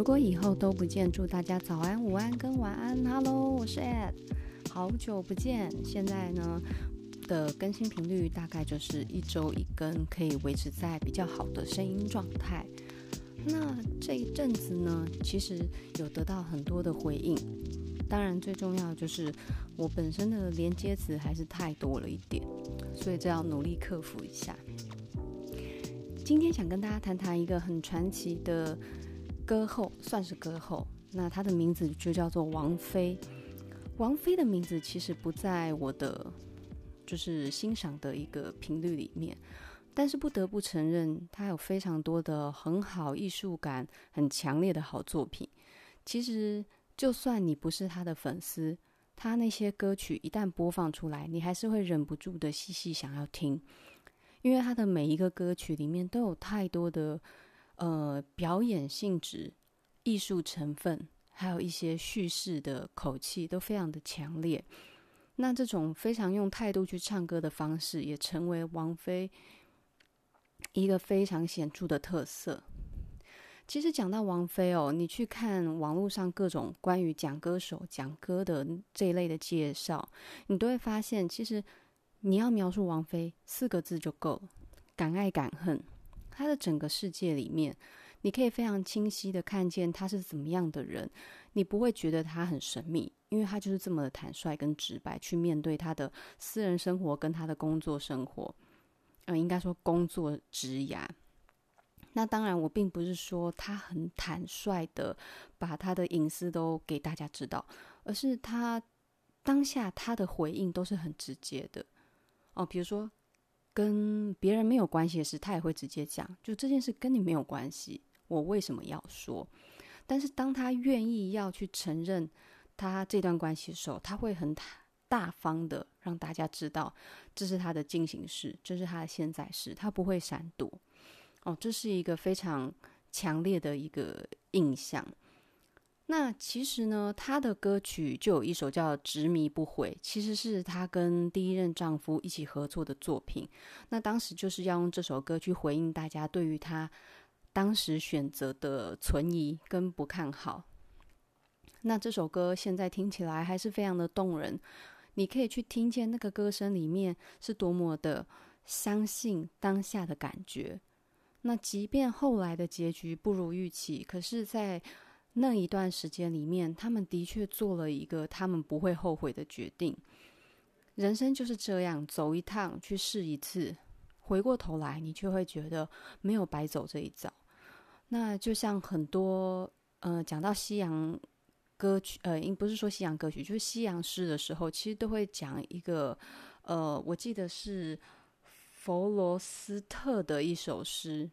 如果以後都不見，祝大家早安、午安跟晚安。Hello，我是 Ed，好久不見。現在呢的更新頻率大概就是一週一更，可以維持在比較好的聲音狀態。那這一陣子呢，其實有得到很多的回應，當然最重要就是我本身的連接詞還是太多了一點，所以這要努力克服一下。今天想跟大家談談一個很傳奇的。歌後，算是歌後，那他的名字就叫做王菲。王菲的名字其實不在我的，就是欣賞的一個頻率裡面。但是不得不承認，他有非常多的很好、藝術感很強烈的好作品。其實就算你不是他的粉絲，他那些歌曲一旦播放出來，你還是會忍不住的細細想要聽，因為他的每一個歌曲裡面都有太多的。呃，表演性質、藝術成分，還有一些敘事的口氣，都非常的強烈。那這種非常用態度去唱歌的方式，也成為王菲一個非常顯著的特色。其實講到王菲哦，你去看網絡上各種關於講歌手、講歌的這一類的介紹，你都會發現，其實你要描述王菲四個字就夠了，敢愛敢恨。他的整個世界裡面，你可以非常清晰的看見他是怎麼樣的人，你不會覺得他很神秘，因為他就是這麼的坦率跟直白去面對他的私人生活跟他的工作生活，嗯、呃，應該說工作職涯。那當然，我並不是說他很坦率的把他的隱私都給大家知道，而是他當下他的回應都是很直接的，哦，比如說。跟別人沒有關係的事，他也會直接講。就這件事跟你沒有關係，我為什麼要說？但是當他願意要去承認他這段關係的時候，他會很大方的讓大家知道，這是他的進行式，這是他的現在式，他不會閃躲。哦，這是一個非常強烈的一個印象。那其實呢，他的歌曲就有一首叫《執迷不悔》，其實是他跟第一任丈夫一起合作的作品。那當時就是要用這首歌去回應大家對於他當時選擇的存疑跟不看好。那這首歌現在聽起來還是非常的動人，你可以去聽見那個歌聲裡面是多麼的相信當下的感覺。那即便後來的結局不如預期，可是在。那一段時間裡面，他們的確做了一個他們不會後悔的決定。人生就是這樣，走一趟，去試一次，回過頭來，你卻會覺得沒有白走這一遭。那就像很多呃，講到西洋歌曲，呃，應不是說西洋歌曲，就是西洋詩的時候，其實都會講一個呃，我記得是弗羅斯特的一首詩，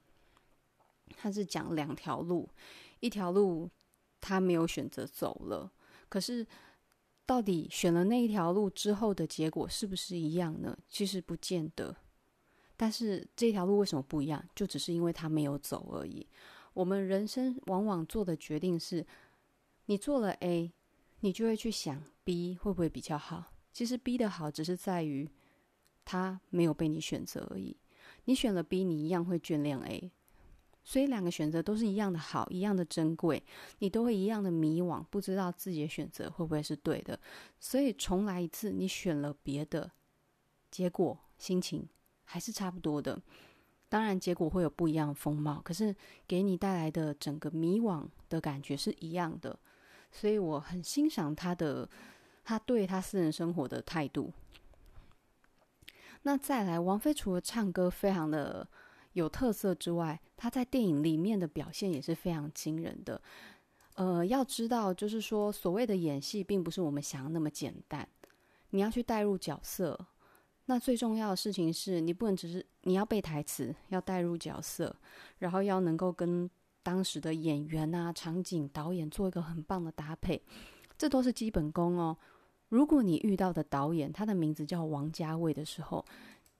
他是講兩條路，一條路。他沒有選擇走了，可是到底選了那一條路之後的結果是不是一樣呢？其實不見得。但是這條路為什麼不一樣？就只是因為他沒有走而已。我們人生往往做的決定是，你做了 A，你就會去想 B 會不會比較好。其實 B 的好只是在於他沒有被你選擇而已。你選了 B，你一樣會眷戀 A。所以兩個選擇都是一樣的好，一樣的珍貴，你都會一樣的迷惘，不知道自己的選擇會不會是對的。所以重來一次，你選了別的，結果心情還是差不多的。當然，結果會有不一樣的風貌，可是給你帶來的整個迷惘的感覺是一樣的。所以我很欣賞他的，他對他私人生活的態度。那再來，王菲除了唱歌，非常的，有特色之外，他在電影裡面的表現也是非常驚人的。呃，要知道，就是說，所謂的演戲，並不是我們想的那麼簡單。你要去代入角色，那最重要的事情是，你不能只是你要背台詞，要代入角色，然後要能夠跟當時的演員啊、場景、導演做一個很棒的搭配，這都是基本功哦。如果你遇到的導演他的名字叫王家衛的時候，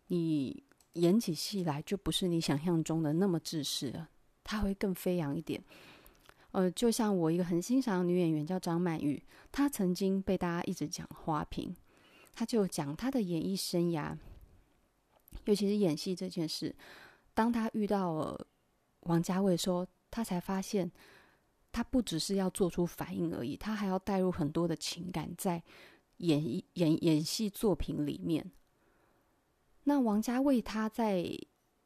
你。演起戲來就不是你想象中的那麼制式了，她會更飛揚一點。呃，就像我一個很欣賞的女演員叫張曼玉，她曾經被大家一直講花瓶，她就講她的演藝生涯，尤其是演戲這件事。當她遇到了王家衛說，她才發現，她不只是要做出反應而已，她還要帶入很多的情感在演演演戲作品裡面。那王家衛他在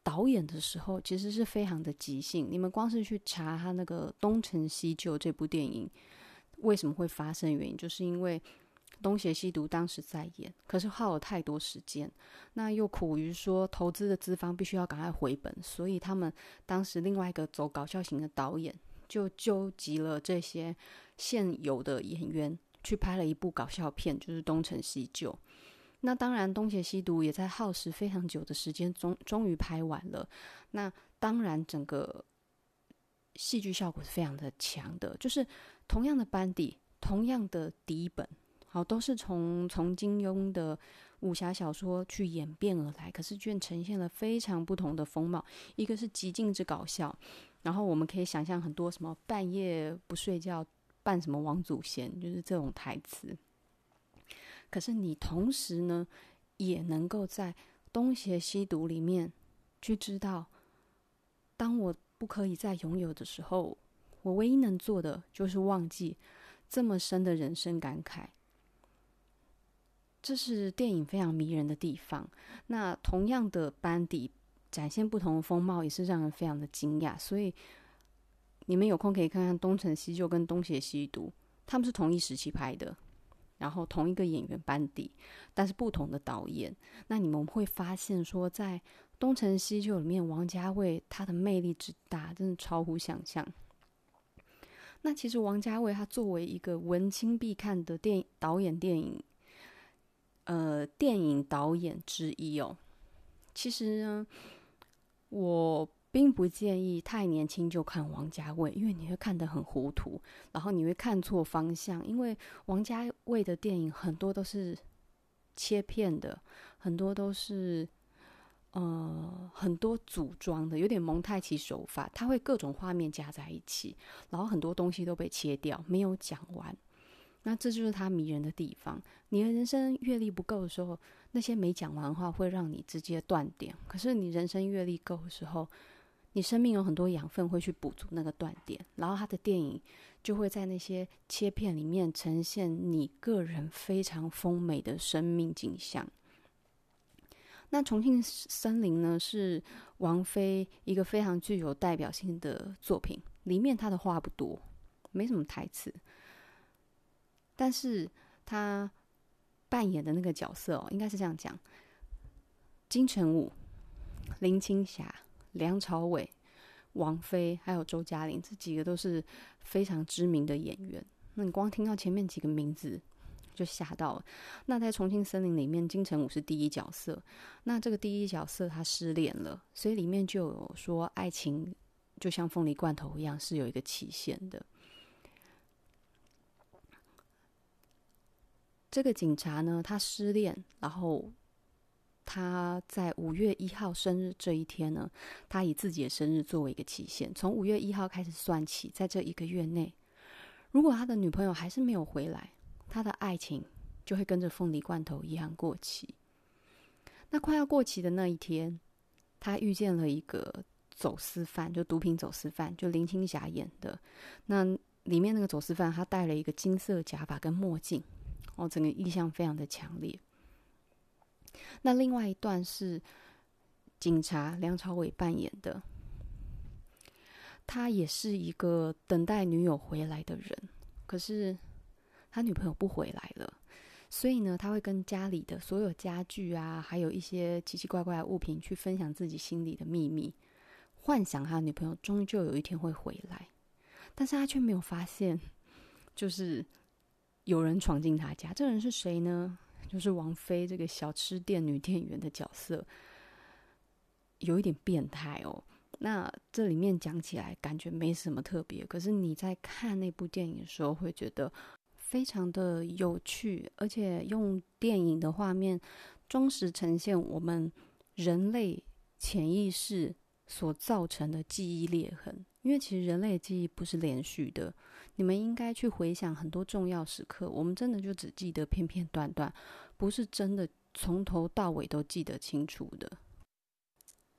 導演的時候，其實是非常的即興。你們光是去查他那個《東成西就》這部電影為什麼會發生，原因就是因為《東邪西毒》當時在演，可是耗了太多時間，那又苦於說投資的資方必須要趕快回本，所以他們當時另外一個走搞笑型的導演就糾集了這些現有的演員去拍了一部搞笑片，就是《東成西就》。那當然，東邪西毒也在耗時非常久的時間終，終終於拍完了。那當然，整個戲劇效果是非常的強的。就是同樣的班底，同樣的底本，好、哦，都是從從金庸的武俠小說去演變而來，可是居然呈現了非常不同的風貌。一個是極盡之搞笑，然後我們可以想象很多什麼半夜不睡覺，扮什麼王祖賢，就是這種台詞。可是你同時呢，也能夠在東邪西毒裡面去知道，當我不可以再擁有的時候，我唯一能做的就是忘記這麼深的人生感慨。這是電影非常迷人的地方。那同樣的班底展現不同的風貌，也是讓人非常的驚訝。所以你們有空可以看看《東成西就》跟《東邪西毒》，他們是同一時期拍的。然後同一個演員班底，但是不同的導演，那你們會發現說，在《東成西就》裡面，王家衛他的魅力之大，真的超乎想象。那其實王家衛他作為一個文青必看的電影導演，電影呃電影導演之一哦。其實呢，我。並不建議太年輕就看王家衛，因為你會看得很糊塗，然後你會看錯方向。因為王家衛的電影很多都是切片的，很多都是呃很多組裝的，有點蒙太奇手法，他會各種畫面加在一起，然後很多東西都被切掉，沒有講完。那這就是他迷人的地方。你的人生閱歷不夠的時候，那些沒講完的話會讓你直接斷點，可是你人生閱歷夠的時候，你生命有很多養分會去補足那個斷點，然後他的電影就會在那些切片裡面呈現你個人非常豐美的生命景象。那《重慶森林》呢，是王菲一個非常具有代表性的作品，裡面他的話不多，沒什麼台詞，但是他扮演的那個角色哦，應該是這樣講：金城武、林青霞。梁朝偉、王菲還有周嘉玲這幾個都是非常知名的演員。那你光聽到前面幾個名字就嚇到了。那在《重慶森林》裡面，金城武是第一角色。那這個第一角色他失戀了，所以裡面就有說愛情就像鳳梨罐頭一樣，是有一個期限的。這個警察呢，他失戀，然後。他在五月一號生日這一天呢，他以自己的生日作為一個期限，從五月一號開始算起，在這一個月內，如果他的女朋友還是沒有回來，他的愛情就會跟着鳳梨罐頭一樣過期。那快要過期的那一天，他遇見了一個走私犯，就毒品走私犯，就林青霞演的。那裡面那個走私犯，他戴了一個金色假髮跟墨鏡，哦，整個意象非常的強烈。那另外一段是警察梁朝偉扮演的，他也是一個等待女友回來的人，可是他女朋友不回來了，所以呢，他會跟家裡的所有家具啊，還有一些奇奇怪怪的物品去分享自己心裡的秘密，幻想他女朋友終究有一天會回來，但是他卻沒有發現，就是有人闖進他家，這人是誰呢？就是王菲這個小吃店女店員的角色，有一點變態哦。那這裡面講起來感覺沒什麼特別，可是你在看那部電影的時候會覺得非常的有趣，而且用電影的畫面忠實呈現我們人類潛意識所造成的記憶裂痕，因為其實人類的記憶不是連續的。你們應該去回想很多重要時刻，我們真的就只記得片片段段，不是真的從頭到尾都記得清楚的。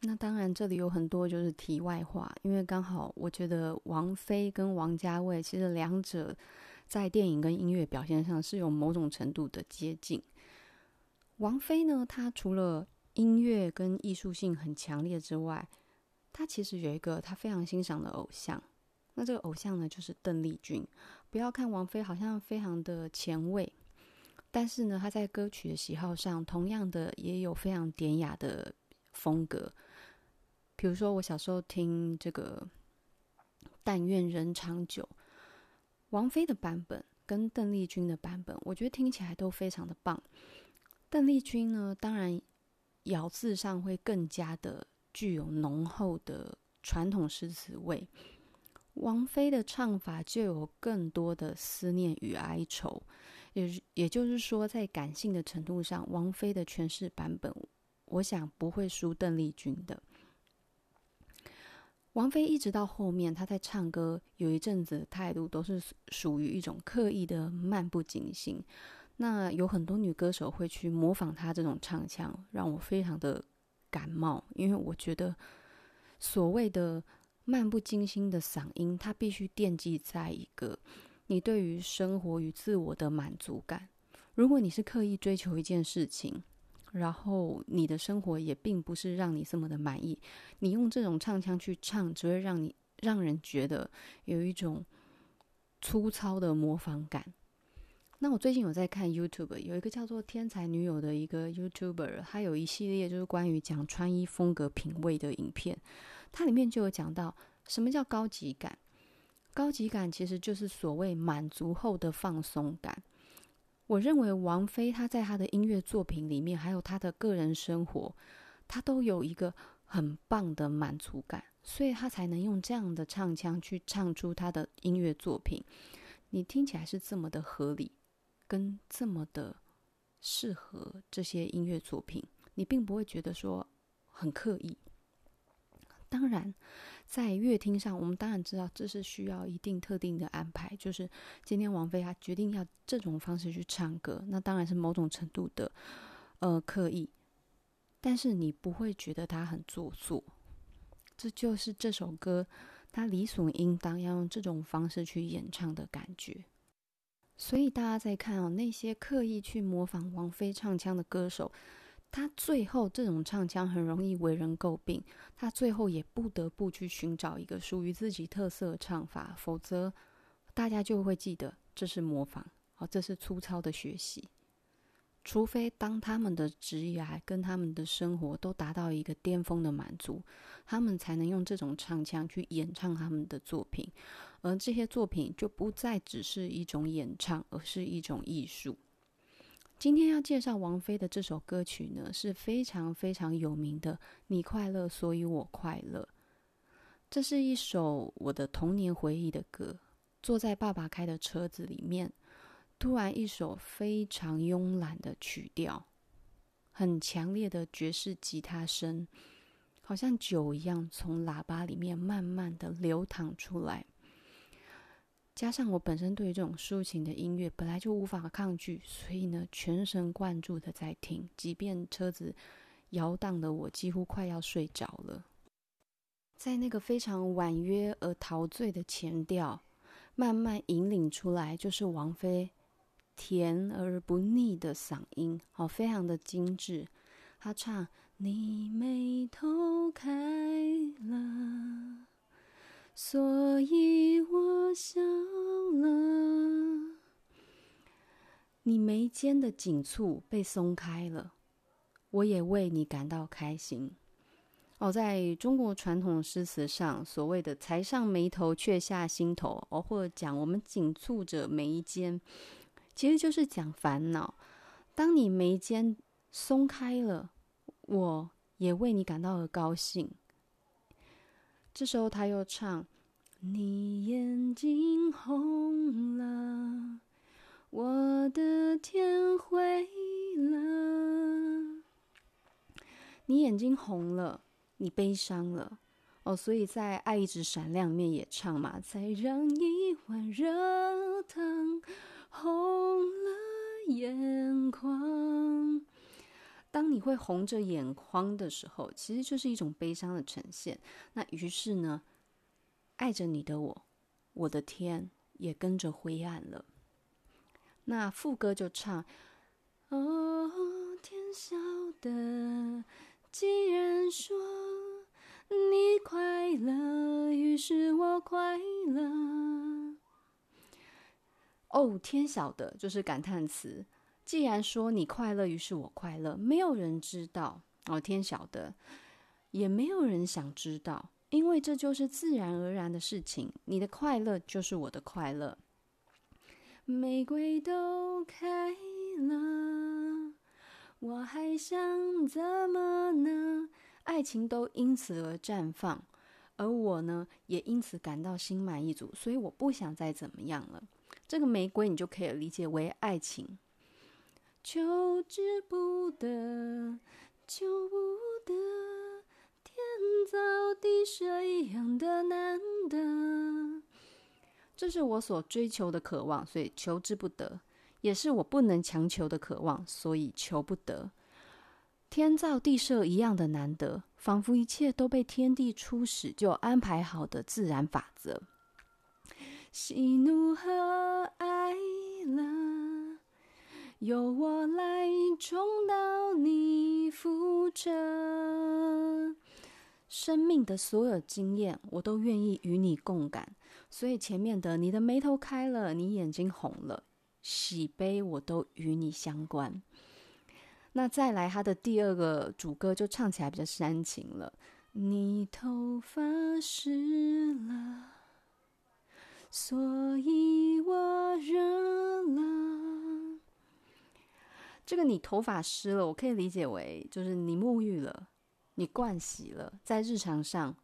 那當然，這裡有很多就是題外話，因為剛好我覺得王菲跟王家衛其實兩者在電影跟音樂表現上是有某種程度的接近。王菲呢，她除了音樂跟藝術性很強烈之外，她其實有一個她非常欣賞的偶像。那這個偶像呢，就是鄧麗君。不要看王菲好像非常的前衛，但是呢，她在歌曲的喜好上，同樣的也有非常典雅的風格。比如說，我小時候聽這個《但願人長久》，王菲的版本跟鄧麗君的版本，我覺得聽起來都非常的棒。鄧麗君呢，當然咬字上會更加的具有濃厚的傳統詩詞味。王菲的唱法就有更多的思念與哀愁，也也就是說，在感性的程度上，王菲的詮釋版本，我想不會輸鄧麗君的。王菲一直到後面她在唱歌，有一陣子態度都是屬於一種刻意的漫不經心。那有很多女歌手會去模仿她這種唱腔，讓我非常的感冒，因為我覺得所謂的。漫不經心的嗓音，它必須惦記在一個你對於生活與自我的滿足感。如果你是刻意追求一件事情，然後你的生活也並不是讓你這麼的滿意，你用這種唱腔去唱，只會讓你讓人覺得有一種粗糙的模仿感。那我最近有在看 YouTube，有一個叫做“天才女友”的一個 YouTuber，他有一系列就是關於講穿衣風格品味的影片。它裡面就有講到什麼叫高級感，高級感其實就是所謂滿足後的放鬆感。我認為王菲她在她的音樂作品裡面，還有她的個人生活，她都有一個很棒的滿足感，所以她才能用這樣的唱腔去唱出她的音樂作品。你聽起來是這麼的合理，跟這麼的適合這些音樂作品，你並不會覺得說很刻意。當然，在樂廳上，我們當然知道這是需要一定特定的安排。就是今天王菲她啊決定要這種方式去唱歌，那當然是某種程度的，呃，刻意。但是你不會覺得她很做作，這就是這首歌她理所應當要用這種方式去演唱的感覺。所以大家在看哦，那些刻意去模仿王菲唱腔的歌手。他最後這種唱腔很容易為人詬病，他最後也不得不去尋找一個屬於自己特色的唱法，否則大家就會記得這是模仿，哦，這是粗糙的學習。除非當他們的職業啊，跟他們的生活都達到一個巔峰的滿足，他們才能用這種唱腔去演唱他們的作品，而這些作品就不再只是一種演唱，而是一種藝術。今天要介紹王菲的這首歌曲呢，是非常非常有名的《你快樂所以我快樂》。這是一首我的童年回憶的歌，坐在爸爸開的車子裡面，突然一首非常慵懶的曲調，很強烈的爵士吉他聲，好像酒一樣從喇叭裡面慢慢的流淌出來。加上我本身對於這種抒情的音樂本來就無法抗拒，所以呢，全神貫注的在聽，即便車子搖蕩的我幾乎快要睡着了。在那個非常婉約而陶醉的前調，慢慢引領出來，就是王菲甜而不膩的嗓音，好、哦，非常的精緻。她唱：“你眉頭開了。”所以我笑了，你眉間的緊蹙被鬆開了，我也為你感到開心。哦，在中國傳統詩詞上，所謂的“才上眉頭卻下心頭”，哦，或者講我們緊蹙着眉間，其實就是講煩惱。當你眉間鬆開了，我也為你感到了高興。這時候他又唱：“你眼睛紅了，我的天灰了。你眼睛紅了，你悲傷了。哦，所以在愛一直閃亮面也唱嘛，才讓一碗熱湯紅了眼眶。”當你會紅着眼眶的時候，其實就是一種悲傷的呈現。那於是呢，愛着你的我，我的天也跟着灰暗了。那副歌就唱：哦，天曉得，既然說你快樂，於是我快樂。哦，天曉得，就是感嘆詞。既然說你快樂，於是我快樂。沒有人知道哦，我天曉得，也沒有人想知道，因為這就是自然而然的事情。你的快樂就是我的快樂。玫瑰都開了，我還想怎麼呢？愛情都因此而綻放，而我呢，也因此感到心滿意足。所以我不想再怎麼樣了。這個玫瑰，你就可以理解為愛情。求之不得，求不得，天造地設一樣的難得。這是我所追求的渴望，所以求之不得；也是我不能強求的渴望，所以求不得。天造地設一樣的難得，仿佛一切都被天地初始就安排好的自然法則。喜怒和哀樂。由我來重蹈你覆轍，生命的所有經驗我都願意與你共感。所以前面的你的眉頭開了，你眼睛紅了，喜悲我都與你相關。那再來他的第二個主歌就唱起來比較煽情了。你頭髮濕了，所以。這個你頭髮濕了，我可以理解為就是你沐浴了，你盥洗了，在日常上，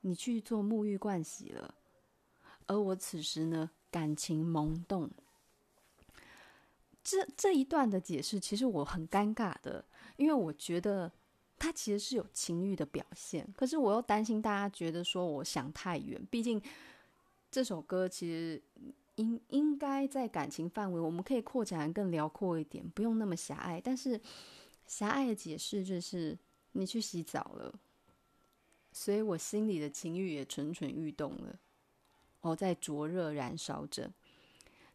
你去做沐浴盥洗了。而我此時呢，感情萌動。這這一段的解釋，其實我很尷尬的，因為我覺得它其實是有情欲的表現，可是我又擔心大家覺得說我想太遠，畢竟這首歌其實。應該在感情範圍，我們可以擴展更遼闊一點，不用那麼狹隘。但是狹隘的解釋就是你去洗澡了，所以我心裡的情慾也蠢蠢欲動了，我在灼熱燃燒着。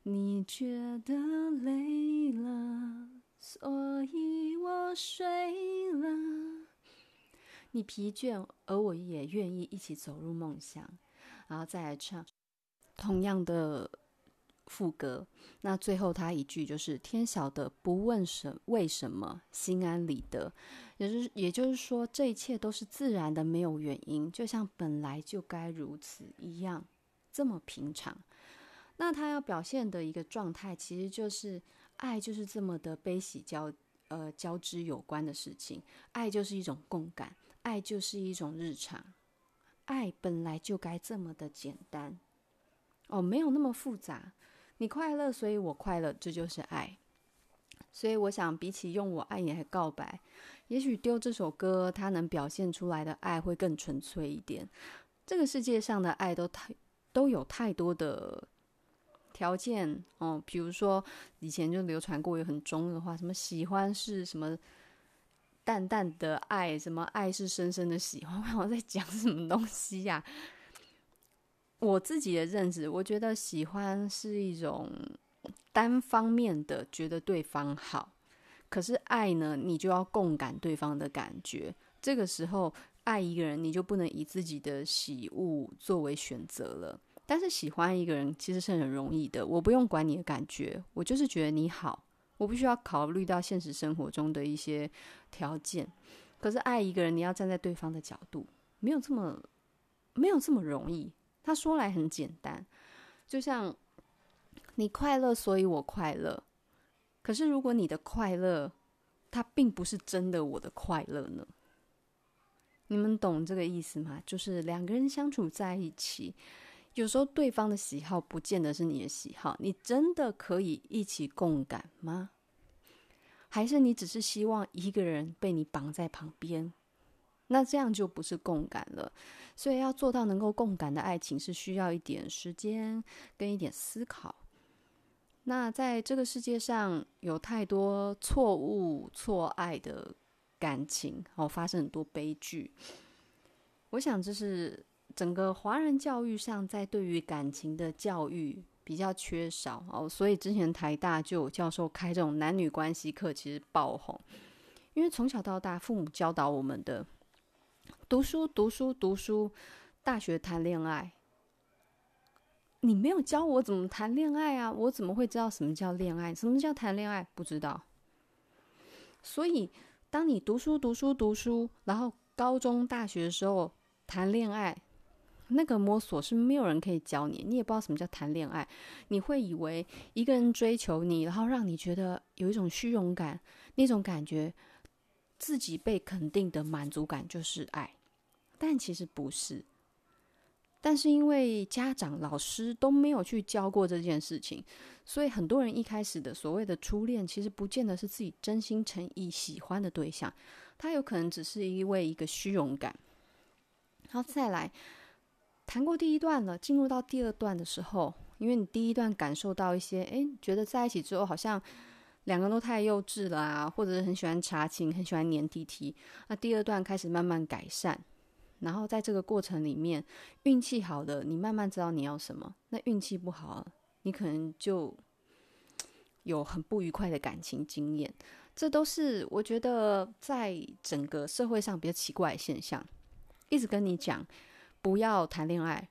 你覺得累了，所以我睡了。 你疲倦，而我也願意一起走入夢鄉，然後再來唱同樣的。副歌，那最後他一句就是“天曉得，不問什為什麼，心安理得”，也、就是也就是說，這一切都是自然的，沒有原因，就像本來就該如此一樣，這麼平常。那他要表現的一個狀態，其實就是愛，就是這麼的悲喜交呃交織有關的事情。愛就是一種共感，愛就是一種日常，愛本來就該這麼的簡單，哦，沒有那麼複雜。你快樂，所以我快樂，這就是愛。所以我想，比起用我愛你來告白，也許丟這首歌，它能表現出來的愛會更純粹一點。這個世界上的愛都太都有太多的條件哦，比如說以前就流傳過有很中的話，什麼喜歡是什麼淡淡的愛，什麼愛是深深的喜歡，我在講什麼東西呀、啊？我自己的認知，我覺得喜歡是一種單方面的覺得對方好，可是愛呢，你就要共感對方的感覺。這個時候，愛一個人，你就不能以自己的喜惡作為選擇了。但是喜歡一個人其實是很容易的，我不用管你的感覺，我就是覺得你好，我不需要考慮到現實生活中的一些條件。可是愛一個人，你要站在對方的角度，沒有這麼沒有這麼容易。他說來很簡單，就像你快樂，所以我快樂。可是如果你的快樂，它並不是真的我的快樂呢？你們懂這個意思嗎？就是兩個人相處在一起，有時候對方的喜好不見得是你的喜好，你真的可以一起共感嗎？還是你只是希望一個人被你綁在旁邊？那這樣就不是共感了，所以要做到能夠共感的愛情，是需要一點時間跟一點思考。那在這個世界上，有太多錯誤錯愛的感情，哦，發生很多悲劇。我想這是整個華人教育上，在對於感情的教育比較缺少哦，所以之前台大就有教授開這種男女關係課，其實爆紅，因為從小到大，父母教導我們的。讀書，讀書，讀書，大學談戀愛。你沒有教我怎麼談戀愛啊，我怎麼會知道什麼叫戀愛？什麼叫談戀愛？不知道。所以，當你讀書，讀書，讀書，然後高中、大學的時候談戀愛，那個摸索是沒有人可以教你，你也不知道什麼叫談戀愛。你會以為一個人追求你，然後讓你覺得有一種虛榮感，那種感覺自己被肯定的滿足感就是愛。但其實不是，但是因為家長、老師都沒有去教過這件事情，所以很多人一開始的所謂的初戀，其實不見得是自己真心誠意喜歡的對象，他有可能只是一位一個虛榮感。然後再來談過第一段了，進入到第二段的時候，因為你第一段感受到一些，誒，覺得在一起之後好像兩個人都太幼稚了啊，或者是很喜歡查勤、很喜歡黏弟弟，那第二段開始慢慢改善。然後在這個過程裡面，運氣好的你慢慢知道你要什麼；那運氣不好啊，你可能就有很不愉快的感情經驗。這都是我覺得在整個社會上比較奇怪的現象。一直跟你講不要談戀愛，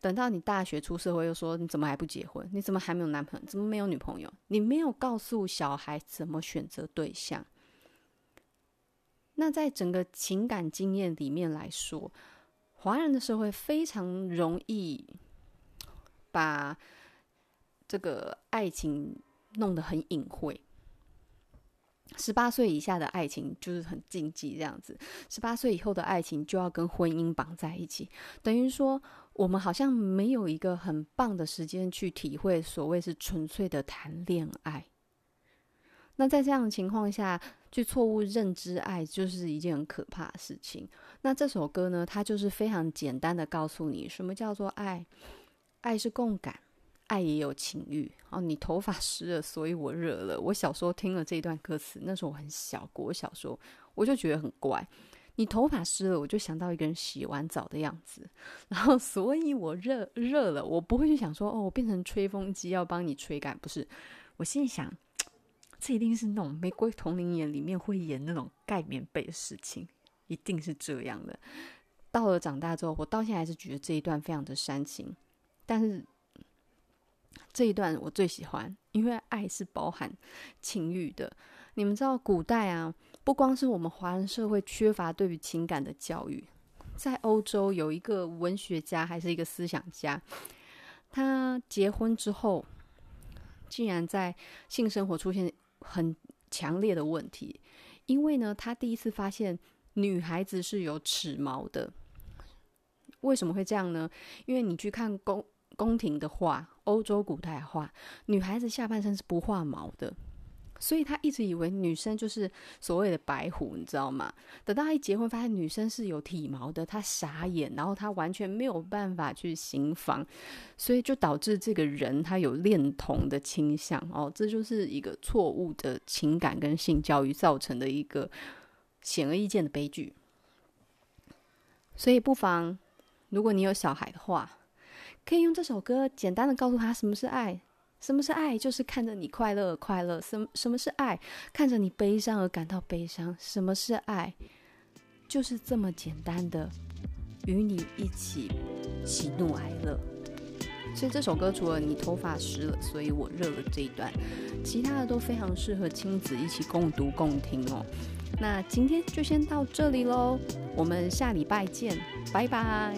等到你大學出社會又說你怎麼還不結婚？你怎麼還沒有男朋友？怎麼沒有女朋友？你沒有告訴小孩怎麼選擇對象。那在整個情感經驗裡面來說，華人的社會非常容易把這個愛情弄得很隱晦。十八歲以下的愛情就是很禁忌這樣子，十八歲以後的愛情就要跟婚姻綁在一起，等於說我們好像沒有一個很棒的時間去體會所謂是純粹的談戀愛。那在這樣的情況下。去錯誤認知，愛就是一件很可怕的事情。那這首歌呢，它就是非常簡單的告訴你，什麼叫做愛。愛是共感，愛也有情欲。哦，你頭髮濕了，所以我熱了。我小時候聽了這段歌詞，那時候我很小，國小時候我就覺得很怪。你頭髮濕了，我就想到一個人洗完澡的樣子。然後，所以我熱熱了。我不會去想說，哦，我變成吹風機要幫你吹乾。不是，我心裡想。這一定是那種《玫瑰瞳鈴眼》裡面會演那種蓋棉被的事情，一定是這樣的。到了長大之後，我到現在還是覺得這一段非常的煽情。但是這一段我最喜歡，因為愛是包含情欲的。你們知道，古代啊，不光是我們華人社會缺乏對於情感的教育，在歐洲有一個文學家還是一個思想家，他結婚之後竟然在性生活出現很強烈的問題，因為呢，他第一次發現女孩子是有恥毛的。為什麼會這樣呢？因為你去看宮宮廷的畫、歐洲古代畫，女孩子下半身是不畫毛的。所以他一直以為女生就是所謂的白虎，你知道嗎？等到他一結婚，發現女生是有體毛的，他傻眼，然後他完全沒有辦法去行房，所以就導致這個人他有戀童的傾向哦。這就是一個錯誤的情感跟性教育造成的一個顯而易見的悲劇。所以不妨，如果你有小孩的話，可以用這首歌簡單的告訴他什麼是愛。什麼是愛？就是看着你快樂而快樂。什麼什麼是愛？看着你悲傷而感到悲傷。什麼是愛？就是這麼簡單的，與你一起喜怒哀樂。所以這首歌除了你頭髮濕了，所以我熱了這一段，其他的都非常適合親子一起共讀共聽哦。那今天就先到這裡嘍，我們下禮拜見，拜拜。